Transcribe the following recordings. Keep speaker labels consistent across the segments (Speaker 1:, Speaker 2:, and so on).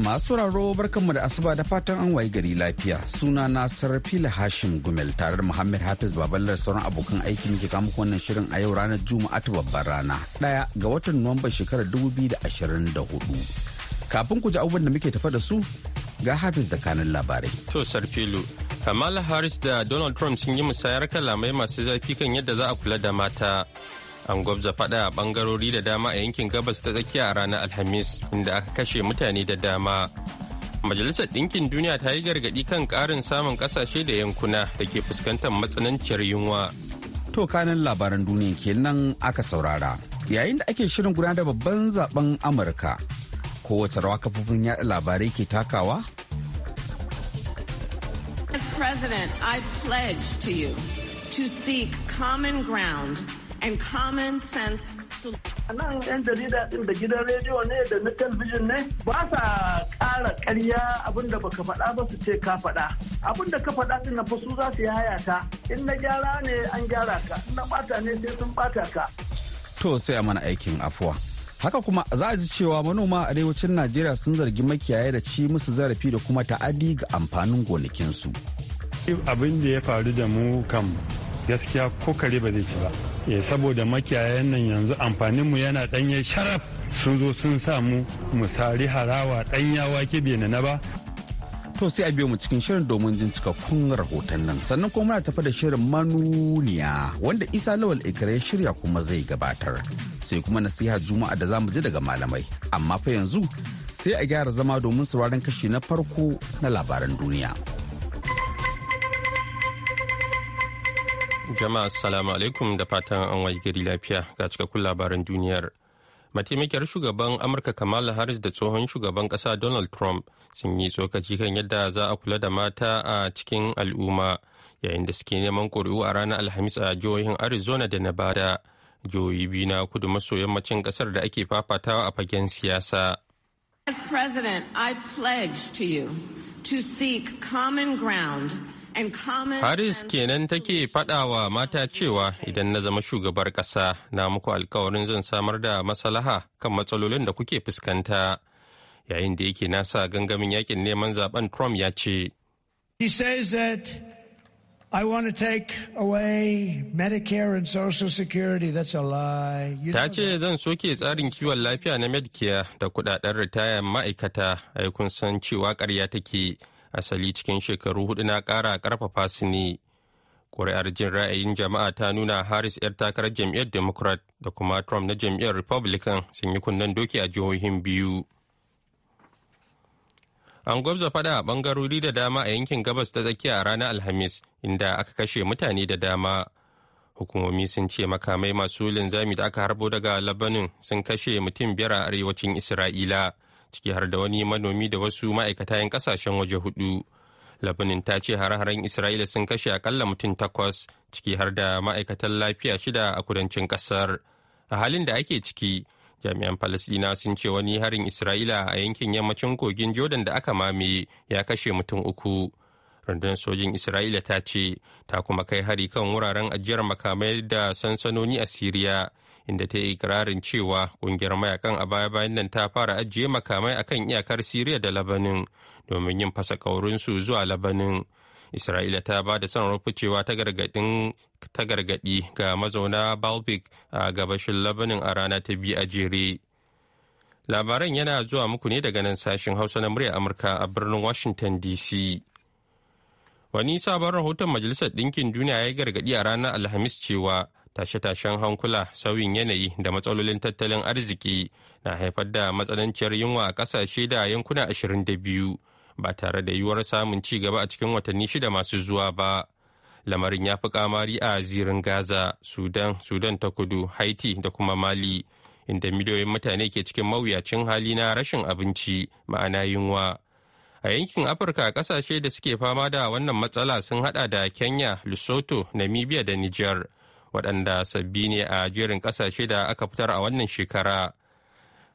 Speaker 1: Masu raro barkanmu da asuba da fatan an wayi gari lafiya suna na sarfila Hashim Gumel tare da Muhammad Hafiz Babalar sauran abokan aiki muke kawo wannan shirin a yau ranar Juma'a ta babbar rana ɗaya ga watan Nuwamba shekarar dubu da da ashirin hudu Kafin ku ji abubuwan da muke tafa da su ga Hafiz da kanin labarai.
Speaker 2: To Sarfilu, Kamala Harris da Donald Trump sun yi musayar kalamai masu zafi kan yadda za a kula da mata. an gwabza faɗa a ɓangarori da dama a yankin gabas ta tsakiya a ranar alhamis inda aka kashe mutane da dama majalisar ɗinkin duniya ta yi gargaɗi kan ƙarin samun ƙasashe da yankuna da ke fuskantar matsananciyar yunwa
Speaker 1: to kanan labaran duniya kenan aka saurara yayin da ake shirin gudanar da babban zaben amurka kowace rawa kafofin yaɗa labarai ke takawa
Speaker 3: President, I pledge to you to seek common ground and common sense
Speaker 4: nan yan jarida ɗin da gidan rediyo ne da na talbijin ne ba sa ƙara ƙarya abinda baka faɗa ba su ce ka faɗa abinda ka faɗa din na su za su haya ta in na gyara ne an gyara ka in na bata ne sai sun ɓata ka
Speaker 1: to sai a mana aikin afuwa haka kuma za a ji cewa manoma a arewacin najeriya sun zargi makiyaya da ci musu zarafi da kuma ta'adi ga amfanin gonakinsu
Speaker 5: abin da ya faru da
Speaker 6: mu gaskiya ko kare ba zai ci ba eh, saboda makiyayan nan yanzu amfaninmu yana ɗanye sharaf sun zo sun sa mu misali harawa ɗanya wake be
Speaker 1: na ba to sai a biyo mu cikin shirin domin jin cikakkun rahoton nan sannan kuma muna tafa da shirin manuniya wanda isa lawal ikare shirya kuma zai gabatar sai kuma nasiha juma'a da zamu ji daga malamai amma fa yanzu sai a gyara zama domin sauraron kashi na farko na labaran duniya.
Speaker 2: jama'a assalamu alaikum da fatan an wayi gari lafiya ga cikakkun labaran duniyar. Mataimakiyar shugaban Amurka Kamala Harris da tsohon shugaban kasa Donald Trump sun yi tsokaci kan yadda za a kula da mata a cikin al'umma yayin da suke neman ƙuri'u a ranar Alhamis a jihohin Arizona da Nevada. Jihohi biyu na kudu maso yammacin kasar da ake fafatawa a fagen siyasa.
Speaker 3: As president, I pledge to you to seek common ground Harris
Speaker 2: kenan take faɗawa mata cewa idan na zama shugabar ƙasa na muku alkawarin zan samar da masalaha kan matsalolin da kuke fuskanta. Yayin da yake nasa gangamin yakin neman zaben Trump ya ce. He says that I want to
Speaker 3: take away Medicare and Social Security. That's a lie. Ta
Speaker 2: ce zan soke tsarin kiwon lafiya na Medicare da kudaden ritaya ma'aikata, ai kun san cewa ƙarya take. asali cikin shekaru hudu na kara karfafa su ne ƙuri'ar jin ra'ayin jama'a ta nuna harris 'yar takarar jam'iyyar democrat da kuma trump na jam'iyyar republican sun yi kunnen doki a jihohin biyu an gwabza fada a bangarori da dama a yankin gabas ta tsakiya a ranar alhamis inda aka kashe mutane da dama hukumomi sun ce makamai masu linzami da aka harbo daga labanin sun kashe mutum biyar a arewacin isra'ila ciki har da wani manomi da wasu ma'aikata 'yan kasashen waje hudu. Labanin ta ce har haren Isra'ila sun kashe akalla mutum takwas ciki har da ma'aikatan lafiya shida a kudancin kasar. A halin da ake ciki, jami'an Falasɗina sun ce wani harin Isra'ila a yankin yammacin kogin Jordan da aka mame ya kashe mutum uku. rundunar sojin isra'ila ta ce ta kuma kai hari kan wuraren ajiyar makamai da sansanoni a siriya inda ta yi ikirarin cewa kungiyar mayakan a baya-bayan nan ta fara ajiye makamai akan iyakar siriya da labanin domin yin fasa su zuwa labanin isra'ila ta ba da sanarwar ficewa ta gargadi ga mazauna baltic a gabashin labanin a rana ta biyu a jere labaran yana zuwa muku ne daga nan sashen hausa na murya amurka a birnin washington dc wani sabon rahoton majalisar ɗinkin duniya ya gargadi a ranar alhamis cewa tashe-tashen hankula sauyin yanayi da matsalolin tattalin arziki na haifar da matsananciyar yunwa a ƙasashe da yankuna 22 ba tare da yiwuwar samun ci gaba a cikin watanni shida masu zuwa ba lamarin ya fi kamari a zirin gaza sudan sudan ta kudu haiti da kuma mali inda miliyoyin mutane ke cikin mawuyacin hali na rashin abinci ma'ana yunwa a yankin afirka kasashe da suke fama da wannan matsala sun hada da kenya lesotho namibia da niger waɗanda sabbi ne a jerin ƙasashe da aka fitar a wannan shekara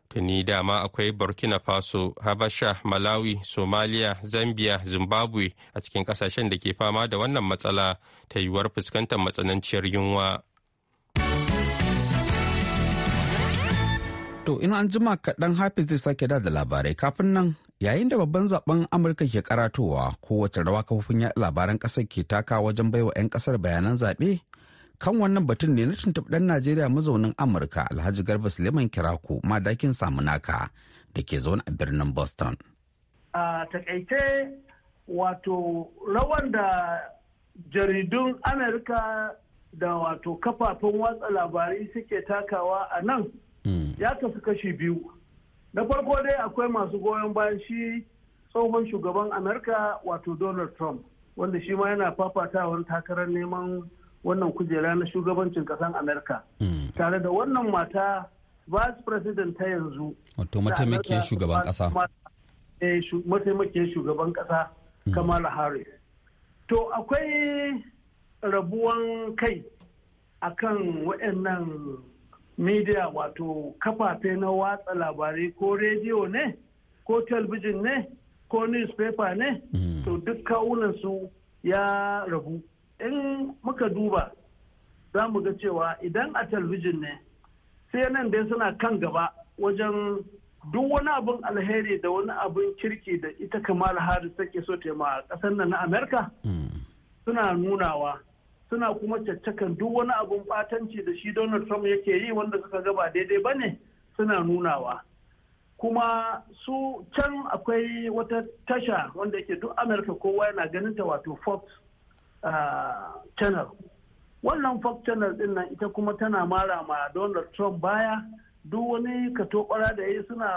Speaker 2: tuni dama akwai burkina faso habasha malawi somalia zambia zimbabwe a cikin ƙasashen da ke fama da wannan matsala ta yiwuwar fuskantar matsananciyar yunwa
Speaker 1: To in an jima kaɗan Hafiz zai sake da labarai kafin nan yayin da babban zaben Amurka ke karatowa kowace rawa kafofin yaɗa labaran ƙasar ke taka wajen baiwa 'yan ƙasar bayanan zaɓe kan wannan batun ne na tuntuɓi ɗan najeriya mazaunin amurka alhaji garba suleiman kirako madakin samunaka da ke zaune a birnin boston
Speaker 4: a takaice wato rawan da jaridun amurka da wato kafafen watsa labarai suke takawa a nan hmm. ya kasu kashi biyu na farko dai akwai masu goyon bayan shi tsohon shugaban amurka wato donald trump wanda shi ma yana fafatawar takarar neman wannan kujera na shugabancin kasan amerika hmm. tare da wannan mata vice president ta yanzu
Speaker 1: wato mataimakiyar shugaban kasa
Speaker 4: eh, mataimakiyar shugaban kasa hmm. kamala harris to akwai rabuwan kai a kan waɗannan media wato kafafe na watsa labarai ko rediyo ne ko talbijin ne ko newspaper ne hmm. to duk kawunan su ya rabu in muka duba za mu ga cewa idan a talbijin ne sai nan dai suna kan gaba wajen duk wani abin alheri da wani abin kirki da ita kamar hari take so ta yi ma kasar nan na amerika suna nunawa suna kuma caccakan duk wani abin batanci da shi donald trump yake yi wanda suka gaba daidai ba ne suna nunawa kuma su can akwai wata tasha wanda yake duk amerika kowa yana ganin ta wato fox channel wannan fox channel din nan ita kuma tana mara ma donald trump baya duk wani tobara da ya suna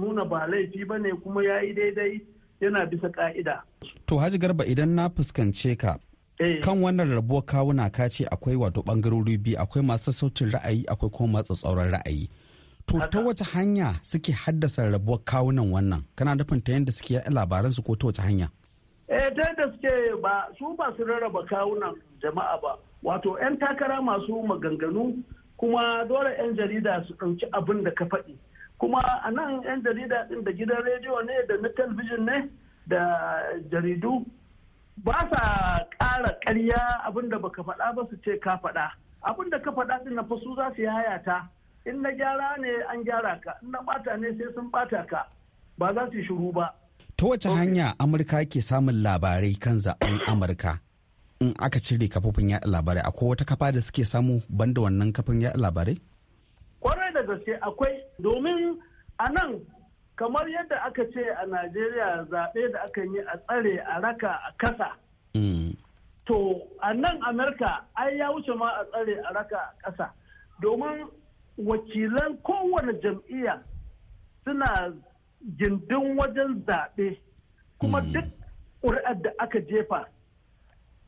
Speaker 4: nuna ba laifi ba ne kuma ya yi daidai yana bisa ka'ida.
Speaker 1: to haji garba idan na fuskance ka eh. kan wannan rabuwar kawuna ka ce akwai wato bangarori biyu akwai masu sautin ra'ayi akwai kuma masu tsauran ra'ayi to ta wace hanya suke haddasa rabuwar kawunan wannan kana nufin ta yadda suke yaɗa labaransu ko ta wace hanya
Speaker 4: eh ta yadda suke ba su ba su rarraba kawunan jama'a ba wato 'yan takara masu maganganu kuma dole 'yan jarida su ɗauki abin da ka faɗi kuma a nan 'yan jarida ɗin da gidan rediyo ne da na talbijin ne da jaridu ba sa ƙara ƙarya abin da baka faɗa ba su ce ka faɗa abin da ka faɗa ɗin na fasu za su yi hayata in na gyara ne an gyara ka in na ɓata ne sai sun ɓata ka ba za su shiru ba ta wace
Speaker 1: hanya amurka ke samun labarai kan zaben amurka in aka cire kafofin yaɗa labarai akwai wata kafa da suke samu banda wannan kafin yaɗa labarai
Speaker 4: kwarai da gaske akwai domin a nan kamar yadda aka ce a najeriya zaɓe da aka yi a tsare a raka a kasa mm. to a nan amurka ai ya wuce ma a tsare a raka a kasa domin wakilan kowane jam'iyya suna gindin wajen zaɓe kuma hmm. duk ƙuri'ar da aka jefa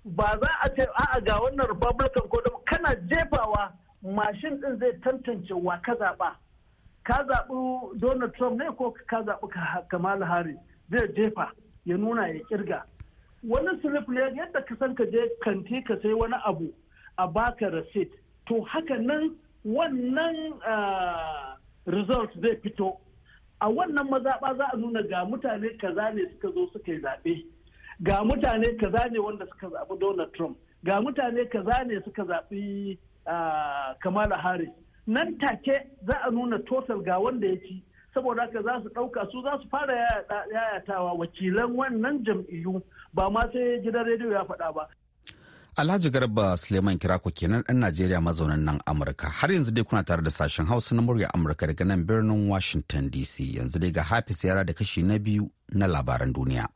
Speaker 4: ba za a ce a'a ga wannan republican ko kana jefawa mashin din zai tantance wa ka zaɓa ka zaɓi donald trump ne ko ka zaɓi kamala harris zai jefa ya nuna ya kirga wani slip ne yadda ka san ka je kanti ka sai wani abu a baka receipt to haka nan wannan ah, result zai fito a wannan mazaɓa za a nuna ga mutane kaza ne suka zo suka yi zaɓe ga mutane kaza ne wanda suka zaɓi donald trump ga mutane kaza ne suka zaɓi ah, kamala harris nan take za a nuna total ga wanda ya ci saboda haka za su ɗauka su za su fara yayatawa wakilan wannan jam'iyyu ba ma sai gidan rediyo ya faɗa ba
Speaker 1: Alhaji Garba Suleiman Kirako kenan ɗan Najeriya mazaunan nan Amurka. Har yanzu dai kuna tare da sashen Hausa na murya Amurka daga nan birnin Washington DC. Yanzu dai ga hafis yara da kashi na biyu na labaran duniya.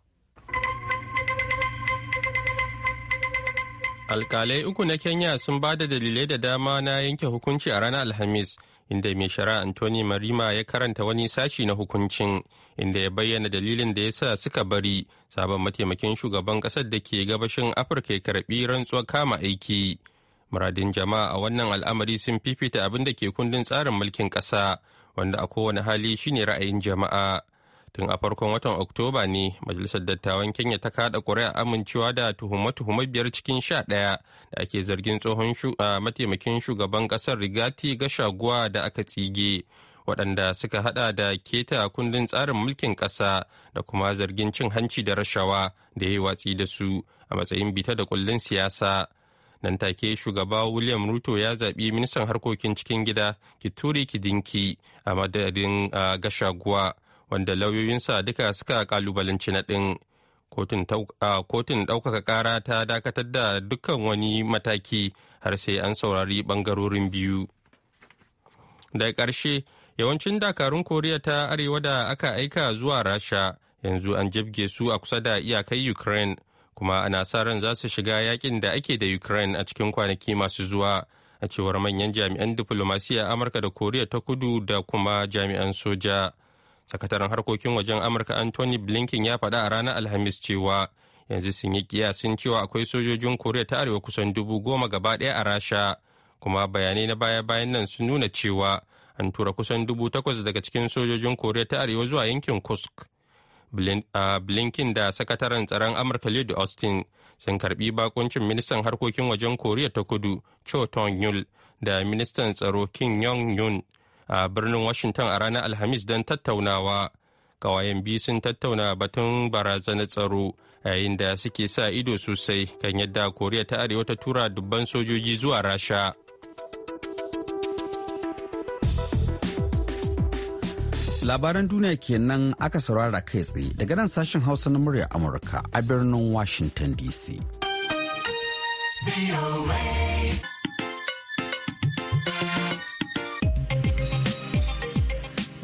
Speaker 2: Alkalai uku na Kenya sun ba da dalilai da dama na yanke hukunci a ranar Alhamis, inda mai shari'a Anthony Marima ya karanta wani sashi na hukuncin inda ya bayyana dalilin da ya sa suka bari sabon mataimakin shugaban kasar da ke gabashin afirka ya karɓi rantsuwar kama aiki muradin jama'a a wannan al'amari sun fifita abin da ke kundin tsarin mulkin kasa wanda a kowane hali shine ra'ayin jama'a tun a farkon watan oktoba ne majalisar dattawan kenya ta kada ƙuri'a amincewa da tuhume-tuhume biyar cikin sha ɗaya da ake zargin tsohon mataimakin shugaban ƙasar rigati gashaguwa da aka tsige waɗanda suka hada da keta kundin tsarin mulkin ƙasa da kuma zargin cin hanci da rashawa da ya yi watsi da su a matsayin bita da kullin siyasa nan take shugaba william ruto ya zaɓi ministan harkokin cikin gida kituri kidinki a madadin gashaguwa wanda lauyoyinsa duka suka kalubalanci naɗin kotun ɗaukaka ƙara ta dakatar da dukkan wani mataki har sai an saurari ɓangarorin biyu daga ƙarshe yawancin dakarun koriya ta arewa da aka aika zuwa rasha yanzu an jabge su a kusa da iyakai ukraine kuma ana sa ran za su shiga yakin da ake da ukraine a cikin kwanaki masu zuwa a cewar manyan jami'an diflomasiyya amurka da koriya ta kudu da kuma jami'an soja sakataren harkokin wajen amurka anthony blinken ya faɗa a ranar alhamis cewa yanzu sun yi kiyasin cewa akwai sojojin koriya ta arewa kusan dubu goma gaba ɗaya a rasha kuma bayanai na baya-bayan nan sun nuna cewa an tura kusan dubu takwas daga cikin sojojin koriya ta arewa zuwa yankin kusk a blinken da sakataren tsaron amurka lloyd austin sun karbi bakuncin ministan harkokin wajen koriya ta kudu cho tong yul da ministan tsaro kim yong yun a birnin washington a ranar alhamis don tattaunawa kawayen biyu sun tattauna batun barazanar tsaro yayin da suke sa ido sosai kan yadda koriya ta arewa ta tura dubban sojoji zuwa rasha
Speaker 1: Labaran duniya kenan aka saurara kai tsaye daga nan sashen Hausa na murya Amurka a birnin Washington DC.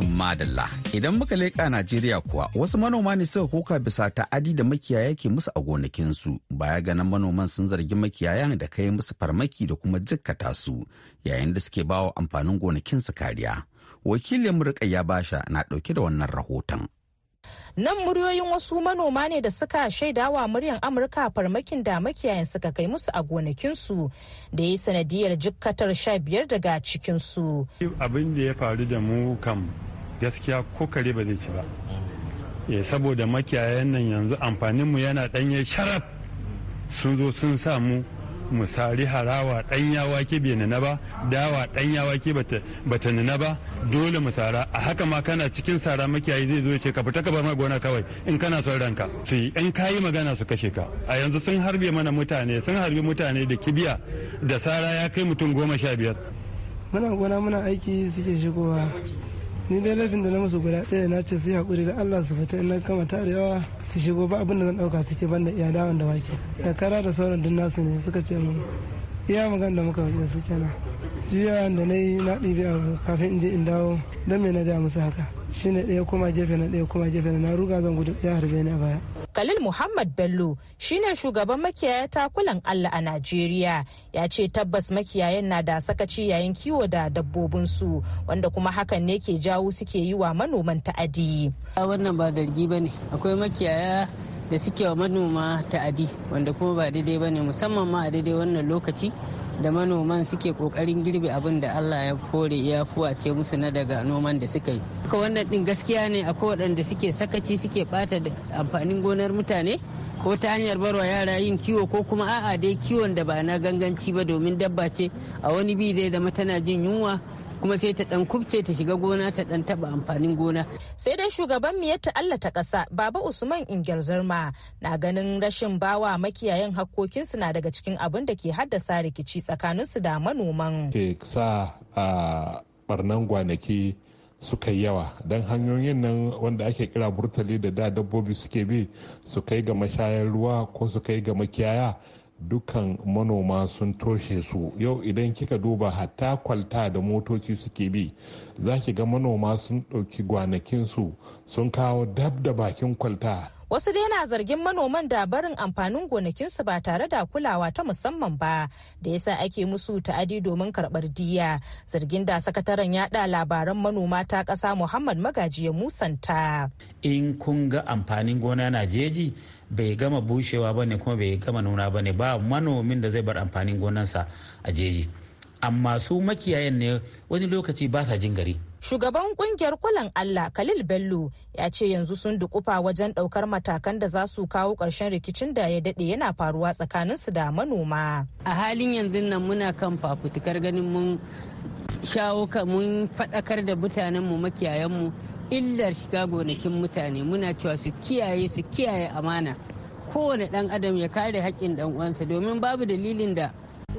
Speaker 1: Madalla idan muka leƙa Najeriya kuwa wasu manoma ne suka koka bisa ta adi da makiyaya ke musu a gonakinsu baya ganin manoman sun zargi makiyayan da kai musu farmaki da kuma jikkata su yayin da suke bawa amfanin gonakinsu kariya. wakilin ya basha na ɗauke da wannan rahoton.
Speaker 7: Nan muryoyin wasu manoma ne da suka shaidawa muryan Amurka farmakin da makiyayan suka kai musu a gonakinsu da yi sanadiyar jikkatar sha biyar daga cikinsu.
Speaker 6: Abin da ya faru da mu kam gaskiya ko kare ba zai ci ba. ya eh, saboda makiyayan nan yanzu amfaninmu yana ɗanye sharaf sun zo sun samu misali harawa ɗanya wake bai nuna ba dawa ɗanya wake bata nuna ba dole mu a haka ma kana cikin sara makiyayi zai zo ce ka fita ka bar mai gona kawai in kana son ranka su yi in kayi magana su kashe ka a yanzu sun harbe mana mutane sun harbe mutane da kibiya da sara ya kai mutum goma sha biyar
Speaker 8: muna gona muna aiki suke shigowa ni dai laifin da na musu guda ɗaya na ce su yi haƙuri da Allah su fita in na kama tarewa su shigo ba abin da zan ɗauka suke banda iya dawon da wake da kara da sauran duk nasu ne suka ce mun iya magan da muka wuce su kenan juyawa da na yi na ɗibi abu kafin in je in dawo don me na ja musu haka shine ɗaya kuma gefe na ɗaya kuma gefe na ruga zan gudu ya harbe ni a baya
Speaker 7: Khalil Muhammad Bello shine shugaban makiyaya takulan Allah a Najeriya ya ce tabbas makiyayan na da sakaci yayin kiwo da dabbobin su wanda kuma hakan ne ke jawo suke yi wa manoman ta'adi. Wannan ba zargi bane akwai makiyaya
Speaker 6: da suke wa manoma ta'adi wanda kuma ba daidai bane musamman ma a daidai wannan lokaci da manoman suke kokarin girbe abin da Allah ya fore ya fuwace musu na daga noman da suka yi. Ka wannan din gaskiya ne akwai waɗanda suke sakaci suke bata amfanin gonar mutane ko ta hanyar barwa yara yin kiwo ko kuma a'a dai kiwon da ba na ganganci ba domin dabba ce a wani bi zai zama tana jin yunwa kuma sai ta dan kubce ta shiga
Speaker 7: gona ta dan taba amfanin gona. Sai dai shugaban miyar ta Allah ta ƙasa Baba Usman Ingel Zarma na ganin rashin bawa makiyayan hakkokinsu na daga cikin abin da ke haddasa rikici tsakaninsu da manoman.
Speaker 5: Ke sa a ah, barnan gwanaki suka yi yawa don hanyoyin nan wanda ake kira burtali da da dabbobi suke bi su kai ga mashayar ruwa ko su kai ga makiyaya dukkan manoma sun toshe su yau idan kika duba hatta kwalta da motoci suke bi za ki ga manoma sun ɗauki gwanakinsu sun kawo dab da bakin kwalta
Speaker 7: Wasu dai na zargin manoman da barin amfanin gonakinsu ba tare da kulawa ta musamman ba da yasa ake musu ta'adi domin karbar diya. Zargin da sakataren yaɗa labaran manoma ta ƙasa Muhammad Magaji ya musanta.
Speaker 5: In kun ga amfanin gona na
Speaker 1: jeji bai gama bushewa bane kuma bai gama nuna bane ba manomin da zai bar amfanin gonansa a jeji. amma su makiyayan ne wani lokaci ba sa jin gari
Speaker 7: shugaban kungiyar kulan allah khalil bello ya ce yanzu sun dukufa wajen daukar matakan da za su kawo ƙarshen rikicin da ya daɗe yana faruwa tsakanin su da manoma a halin
Speaker 6: yanzu nan muna kan fafutukar ganin mun shawo mun faɗakar da makiyayan mu illar shiga gonakin mutane muna cewa su kiyaye su kiyaye amana kowane ɗan adam ya kare haƙƙin ɗan uwansa domin babu dalilin da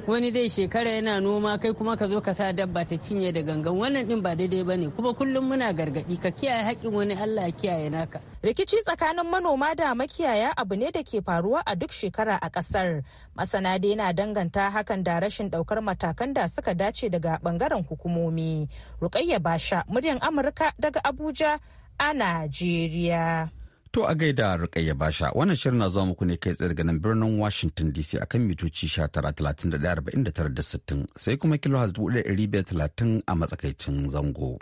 Speaker 6: wani zai shekara yana noma kai kuma ka zo ka sa dabba ta cinye da gangan wannan din ba daidai ba ne
Speaker 7: kuma kullum muna gargaɗi ka kiyaye haƙƙin wani allah kiyaye naka rikici tsakanin manoma da makiyaya abu ne da ke faruwa a duk shekara a ƙasar masana dai na danganta hakan da rashin ɗaukar matakan da suka dace daga ɓangaren hukumomi rukayya basha muryan amurka daga abuja a najeriya
Speaker 1: To a gaida Rukayya Basha wannan shirin na zuwa muku ne kai tsaye daga nan birnin Washington DC akan mitoci 19,31,49,60 sai kuma kilohaz 1,530 a matsakaicin zango.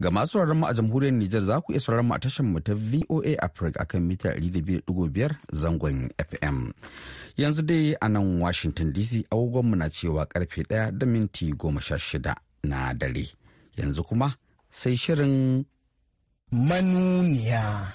Speaker 1: Ga masu mu a jamhuriyar Nijar za ku iya sauraron mu a tashar mu ta VOA Africa akan mita 200.5 zangon FM. Yanzu dai a nan Washington DC agogon mu na cewa karfe 1 da minti 16 na dare. Yanzu kuma sai shirin manuniya.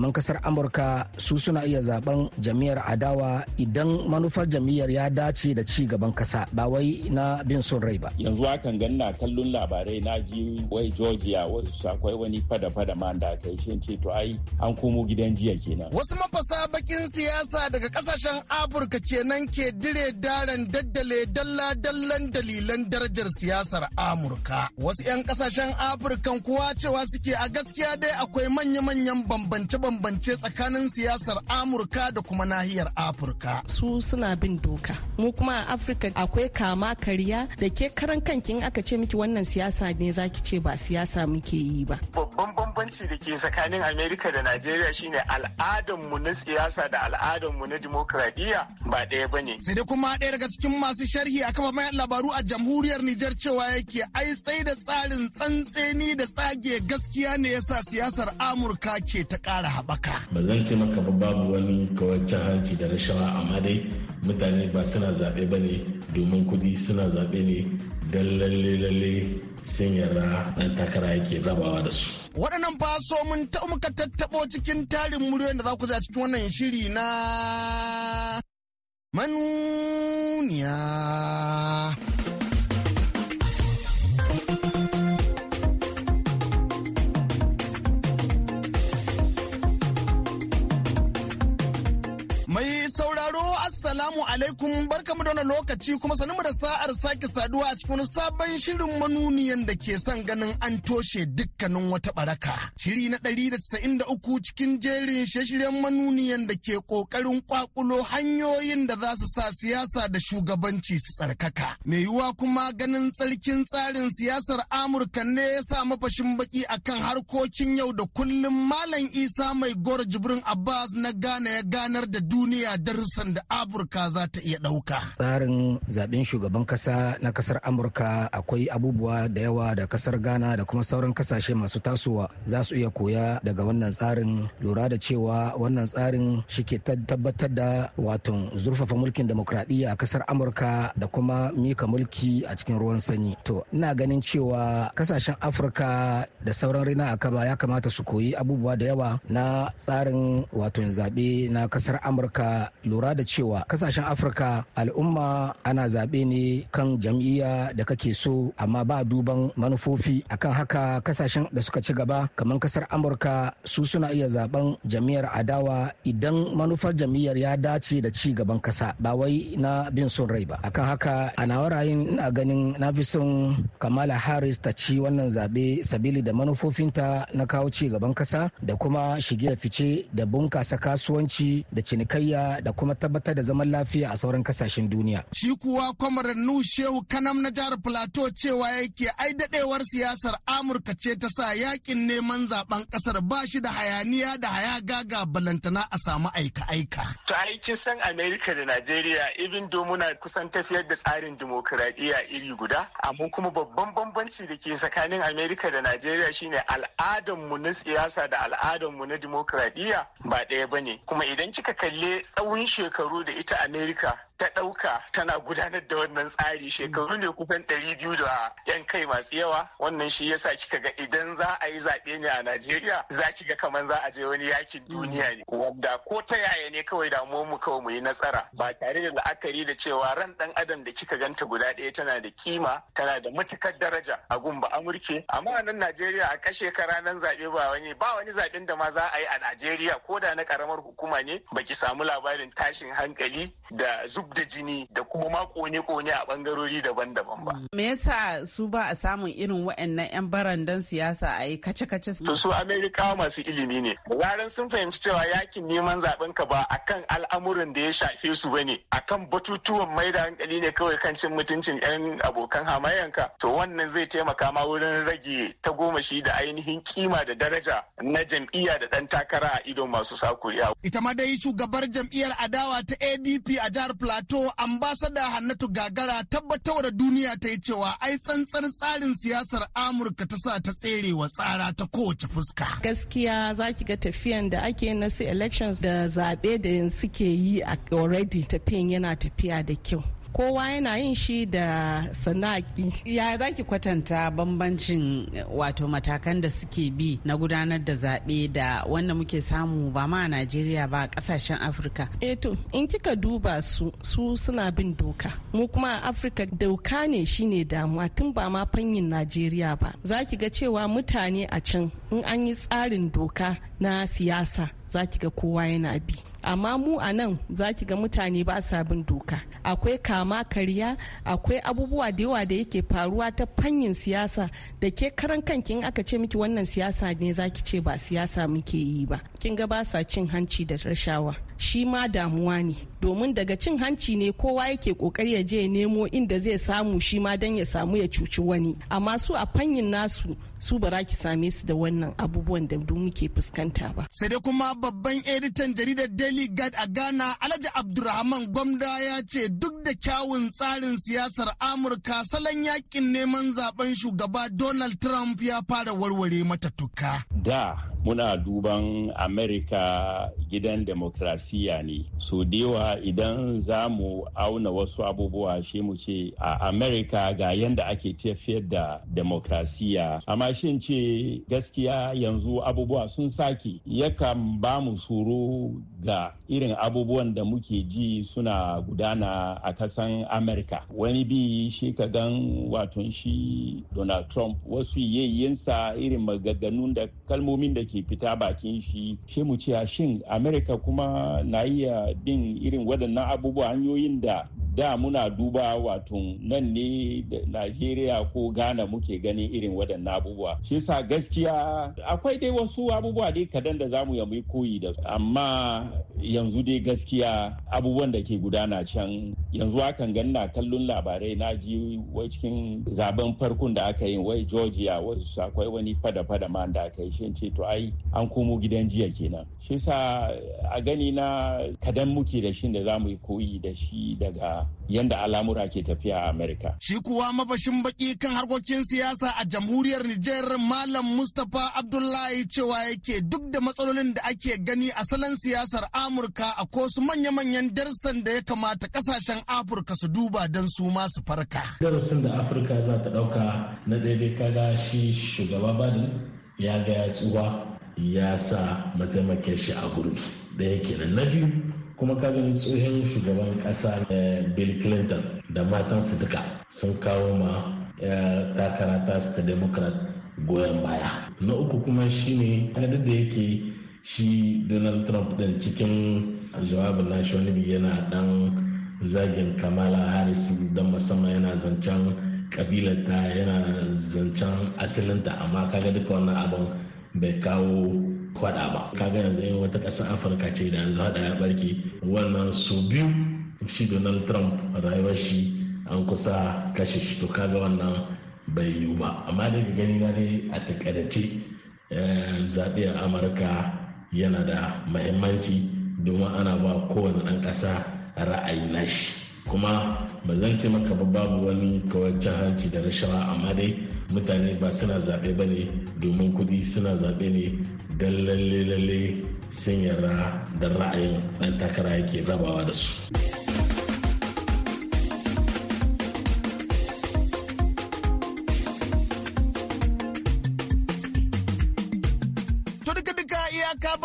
Speaker 8: malaman kasar amurka su suna iya zaben jam'iyar adawa idan manufar jam'iyyar ya dace da ci gaban kasa ba wai na bin son
Speaker 5: rai ba yanzu hakan ganna kallon labarai na ji wai georgia wasu akwai wani fada-fada ma da aka yi ce to ai an komo gidan jiya kenan wasu
Speaker 9: mafasa bakin siyasa daga kasashen afirka kenan ke dire daren daddale dalla-dallan dalilan darajar siyasar amurka wasu 'yan kasashen afirkan kuwa cewa suke a gaskiya dai akwai manya-manyan bambance bambance tsakanin siyasar Amurka da kuma nahiyar Afirka. Su suna bin doka.
Speaker 10: Mu kuma a Afirka akwai kama kariya. da ke karan kankin aka ce miki wannan siyasa ne zaki ce ba siyasa muke yi ba.
Speaker 11: Babban bambanci da ke tsakanin Amerika da Najeriya shine mu na siyasa da mu na dimokuraɗiyya ba ɗaya ba ne. Sai
Speaker 9: dai kuma ɗaya daga cikin masu sharhi a mayan labaru a jamhuriyar Nijar cewa yake ai sai da tsarin tsantseni da tsage gaskiya ne yasa siyasar Amurka ke ta ƙara
Speaker 12: haɓaka. Ba zan ce maka ba babu wani kawai hanci da rashawa amma dai mutane ba suna zaɓe ba ne domin kuɗi suna zaɓe ne don lalle-lalle sun yarda ɗan takara yake rabawa da su.
Speaker 9: waɗannan faso mun ta muka tattaɓo cikin tarin muryoyin da za ku a cikin wannan shiri na manuniya. Assalamu alaikum barkamu da wani lokaci kuma sanin da sa'ar sake saduwa a cikin sabon shirin manuniyan da ke son ganin an toshe dukkanin wata baraka. Shiri na ɗari da da uku cikin jerin shirye manuniyan da ke ƙoƙarin ƙwaƙulo hanyoyin da za su sa siyasa da shugabanci su tsarkaka. Mai yiwuwa kuma ganin tsarkin tsarin siyasar Amurka ne ya sa mafashin baki akan harkokin yau da kullum Malam Isa mai gora Jibrin Abbas na Ghana ya ganar da duniya darussan da Abur amurka za ta iya ɗauka
Speaker 8: tsarin zaɓen shugaban kasa na kasar amurka akwai abubuwa da yawa da kasar ghana da kuma sauran kasashe masu tasowa za su iya koya daga wannan tsarin lura da cewa wannan tsarin shi ke tabbatar da wato zurfafa mulkin demokradiyya a kasar amurka da kuma mika mulki a cikin ruwan sanyi to ina ganin cewa ƙasashen afirka da sauran rina a kaba ya kamata su koyi abubuwa da yawa na tsarin wato zaɓe na kasar amurka lura da cewa kasashen afirka al'umma ana zaɓe ne kan jam'iyya da kake so amma ba duban manufofi akan haka kasashen da suka ci gaba kamar kasar amurka su suna iya zaben jam'iyyar adawa idan manufar jam'iyyar ya dace da ci gaban kasa ba wai na bin son rai ba akan haka a nawarayin ina ganin na fi son kamala harris ta ci wannan zaɓe sabili da manufofinta na kawo ci gaban kasa da kuma shige fice da bunkasa kasuwanci da cinikayya da kuma tabbatar da zama zaman lafiya a sauran kasashen duniya.
Speaker 9: Shi kuwa kwamarar Nu Shehu Kanam na jihar Plateau cewa yake ai dadewar siyasar Amurka ce ta sa yakin neman zaben kasar ba shi da hayaniya da gaga balantana a samu aika-aika.
Speaker 11: To aikin san Amerika da Najeriya even do muna kusan tafiyar da tsarin dimokuraɗiyya iri guda amma kuma babban bambanci da ke tsakanin Amerika da Najeriya shine mu na siyasa da mu na dimokuraɗiyya ba ɗaya bane kuma idan kika kalle tsawon shekaru da ita America. ta ɗauka tana gudanar da wannan tsari shekaru ne kusan ɗari biyu da yan kai masu yawa wannan shi yasa kika ga idan za a yi zaɓe ne a Najeriya za ki ga kamar za a je wani yakin duniya ne wanda ko ta yaya ne kawai damuwar mu kawai mu yi nasara ba tare da la'akari da cewa ran ɗan adam da kika ganta guda ɗaya tana da kima tana da matukar daraja a gun ba Amurke amma a nan Najeriya a kashe shekara nan zaɓe ba wani ba wani zaɓen da ma za a yi a Najeriya ko da na karamar hukuma ne baki samu labarin tashin hankali da zub da jini da kuma ma kone-kone a bangarori daban-daban ba.
Speaker 10: Me yasa su ba a samun irin waɗannan 'yan barandan siyasa a yi kace-kace? To su
Speaker 11: amerika masu ilimi ne. garin sun fahimci cewa yakin neman zaben ka ba akan al'amuran da ya shafe su ba bane akan batutuwan mai da hankali ne kawai kan cin mutuncin 'yan abokan hamayanka to wannan zai taimaka ma wurin rage ta goma shi da ainihin kima da daraja na jam'iyya da ɗan takara a idon masu sakuriya.
Speaker 9: Ita ma dai shugabar jam'iyyar adawa ta ADP a jihar Plateau Wato, ambasada Hannatu Gagara tabbatar da duniya ta yi cewa ai tsantsar tsarin siyasar Amurka ta sa ta tsere wa tsara ta kowace fuska.
Speaker 10: Gaskiya za ki ga tafiyan da ake na su elections da zaɓe da suke yi already tafiyan yana tafiya da kyau. kowa yana yin shi da sana'aki ya za ki kwatanta bambancin eh, wato matakan da suke bi na gudanar da zaɓe da wanda muke samu ba ma a najeriya ba a ƙasashen afirka eto eh in kika duba su su suna bin doka mu kuma a afirka doka ne shine damuwa tun ba ma fanyin najeriya ba za ki ga cewa mutane a can in an yi tsarin doka na siyasa za ki ga kowa yana bi amma mu a nan za ki ga mutane ba sa bin doka akwai kama karya akwai abubuwa da yawa da yake faruwa ta fanyin siyasa da ke karan kanki in aka ce miki wannan siyasa ne za ki ce ba siyasa muke yi ba kin ga ba sa cin hanci da rashawa shi ma damuwa ne domin daga cin hanci ne kowa yake kokari ya je nemo inda zai samu shi ma don ya samu ya cuci wani amma su a fanyin nasu su ba ki same su da wannan abubuwan da muke fuskanta ba
Speaker 9: sai dai kuma babban editan jaridar daily guard a ghana alhaji abdulrahman gwamda ya ce duk da kyawun tsarin siyasar amurka salon yakin neman zaben shugaba donald trump ya fara warware mata tuka
Speaker 5: da muna duban america gidan demokrasi siya ne so dewa idan za mu auna wasu abubuwa shi mu ce a america ga yadda ake tafiyar da demokrasiya amma shin ce gaskiya yanzu abubuwa sun sake yakan ba mu tsoro ga irin abubuwan da muke ji suna gudana a kasan america wani bi shi ka gan waton shi donald trump wasu yayyinsa irin maganganun da kalmomin da ke fita bakin shi shi mu ce shin america kuma na iya bin irin waɗannan abubuwa hanyoyin da da muna duba wato nan ne da Najeriya ko Ghana muke gani irin waɗannan abubuwa. Shi sa gaskiya akwai dai wasu abubuwa dai kadan da zamu ya koyi da su. Amma yanzu dai gaskiya abubuwan da ke gudana can yanzu akan gani na kallon labarai na ji wai cikin zaben farkon da aka yi wai Georgia wasu akwai wani fada-fada ma da aka yi shi ce to ai an komo gidan jiya kenan. Shi sa a gani na kadan muke da shi da za mu yi koyi da shi daga yadda al'amura ke tafiya a Amerika. Shi kuwa mafashin
Speaker 9: baki kan harkokin siyasa a jamhuriyar Nijar Malam Mustapha Abdullahi cewa yake duk da matsalolin da ake gani a salon siyasar Amurka a kosu manya-manyan darsan da ya kamata kasashen Afirka su duba don su ma su farka.
Speaker 12: Darasin da Afirka za ta ɗauka na daidai kaga shi shugaba Biden ya ga ya tsuwa ya sa mataimakin shi a gurbi. daya kenan na biyu kuma ka gani tsohon shugaban ƙasa eh, bill clinton da matansu duka sun kawo ma eh, takara ta ta democrat goyon baya na uku kuma shine duk da yake shi donald trump ɗin cikin jawabin national yana dan zagin kamala harris don musamman yana zancen kabilarta yana zancen asilinta amma kaga duka wannan abin bai kawo kwada ba kaga yanzu yin wata ƙasar afirka ce da yanzu hada ya barke wannan su biyu shi donald trump rayuwar shi an kusa kashe shi to kaga wannan bai yiwu ba amma daga gani na dai a takadace eh, zaɓe a amurka yana da mahimmanci domin ana ba kowane ɗan ƙasa ra'ayi nashi kuma ba zan ce maka ba babu wani kawai hanci da rashawa amma dai mutane ba suna zaɓe ba ne domin kuɗi suna zaɓe ne don lalle-lalle sun yara da ra'ayin ɗan takara yake rabawa da
Speaker 4: su.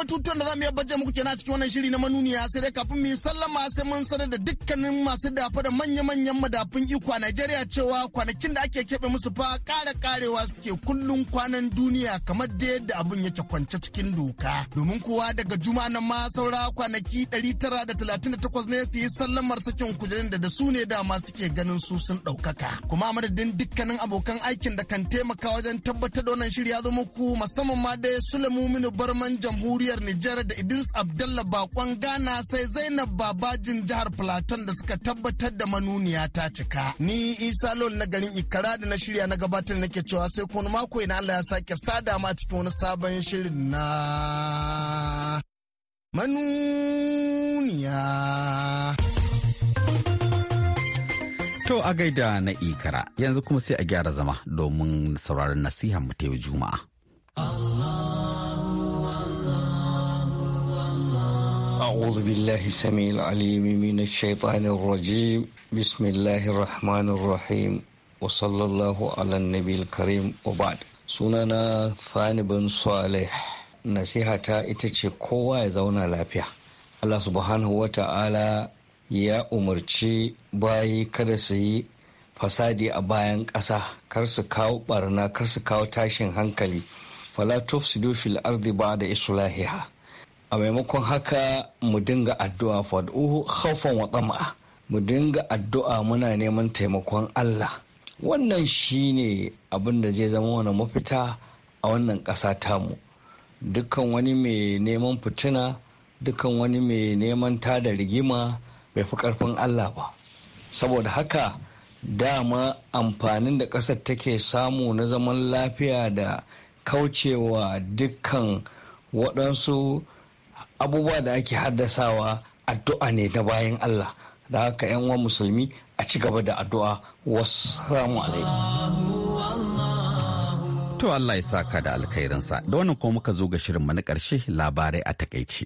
Speaker 9: batutuwan da za mu yi baje muku kenan a cikin wannan shiri na manuniya sai dai kafin mu yi sallama sai mun sanar da dukkanin masu dafa da manya-manyan madafun iko a Najeriya cewa kwanakin da ake keɓe musu fa ƙara ƙarewa suke kullum kwanan duniya kamar da yadda abin yake kwance cikin doka. Domin kuwa daga juma na ma saura kwanaki 938 ne su yi sallamar sakin kujerun da da su ne dama suke ganin su sun ɗaukaka. Kuma madadin dukkanin abokan aikin da kan taimaka wajen tabbatar da wannan shiri ya zo muku musamman ma dai Sulemu Minu Barman Jamhuriyar jihar Nijar da Idris Abdalla bakon Ghana sai Zainab Babajin jihar Platon da suka tabbatar da manuniya ta cika. Ni Isa Lol na garin Ikara da na shirya na gabatar nake cewa sai kuma mako ina Allah ya sake sada ma cikin wani sabon shirin na manuniya.
Speaker 1: To a gaida na Ikara yanzu kuma sai a gyara zama domin sauraron nasiha mu ta yau Juma'a.
Speaker 6: Allah
Speaker 3: أعوذ بالله السميع العليم من الشيطان الرجيم بسم الله الرحمن الرحيم وصلى الله على النبي الكريم وبعد sunana fani bin ita ce kowa ya zauna lafiya allah subhanahu wa ta'ala ya umarci bayi kada su fasadi a bayan ƙasa kar su kawo barna kar su kawo tashin hankali fala tufsidu fil ardi ba'da islahiha a maimakon haka mu dinga addu'a fad'uhu khawfan wa mu dinga addu'a muna neman taimakon Allah wannan shine abin da zai zama wani mafita a wannan ƙasa tamu dukkan wani mai neman fitina dukkan wani mai neman tada rigima bai fi ƙarfin Allah ba saboda haka dama amfanin da ƙasar take samu na zaman lafiya da kaucewa dukkan waɗansu abubuwa da ake haddasawa addu'a ne na bayan Allah da haka 'yan uwan musulmi a ci gaba da addu'a wasu
Speaker 1: to Allah ya saka da alkhairinsa da wannan kuma muka zo ga shirin mu na ƙarshe labarai a takaice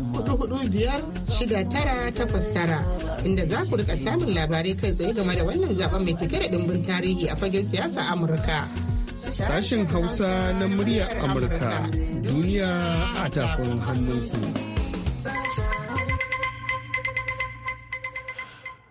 Speaker 13: tara inda za ku rika samun labarai kai tsaye game da wannan zaben mai cike da dimbin tarihi a fagen siyasa Amurka.
Speaker 9: Sashen Hausa na muryar Amurka
Speaker 13: duniya a tafin hannunku.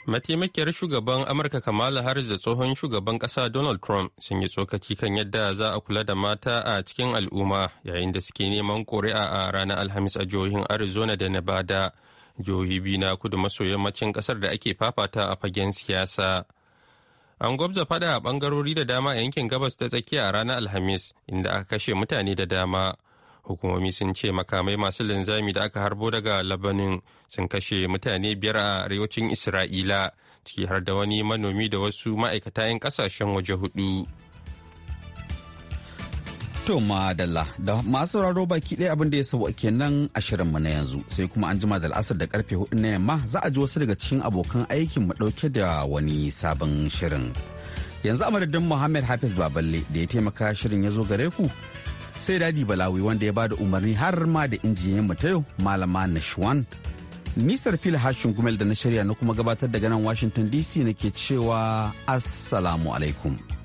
Speaker 2: Mataimakiyar shugaban Amurka Kamala Harris da tsohon shugaban ƙasa Donald Trump sun yi tsokaci kan yadda za a kula da mata a cikin al'umma yayin da suke neman ƙuri'a a ranar Alhamis a jihohin Arizona da Nevada, jihohi biyu na kudu maso yammacin ƙasar da ake fafata a fagen siyasa. An gwabza fada a ɓangarori da dama a yankin gabas ta tsakiya a ranar Alhamis, inda aka kashe mutane da dama. hukumomi sun ce makamai masu linzami da aka harbo daga labanin sun kashe mutane biyar a arewacin isra'ila ciki har da wani manomi da wasu ma'aikata 'yan kasashen waje hudu to madalla
Speaker 1: da masu sauraro baki ɗaya abin da ya ke nan a mu na yanzu sai kuma an jima da al'asar da karfe hudu na yamma za a ji wasu daga cikin abokan aikin mu ɗauke da wani sabon shirin yanzu a madadin muhammad hafiz baballe da ya taimaka shirin ya zo gare ku sai dadi balawi wanda ya bada umarni har ma da injiniyan mu ta yau malama nashwan nisar fil hashin gumel da na shirya na kuma gabatar daga nan washington dc nake cewa assalamu alaikum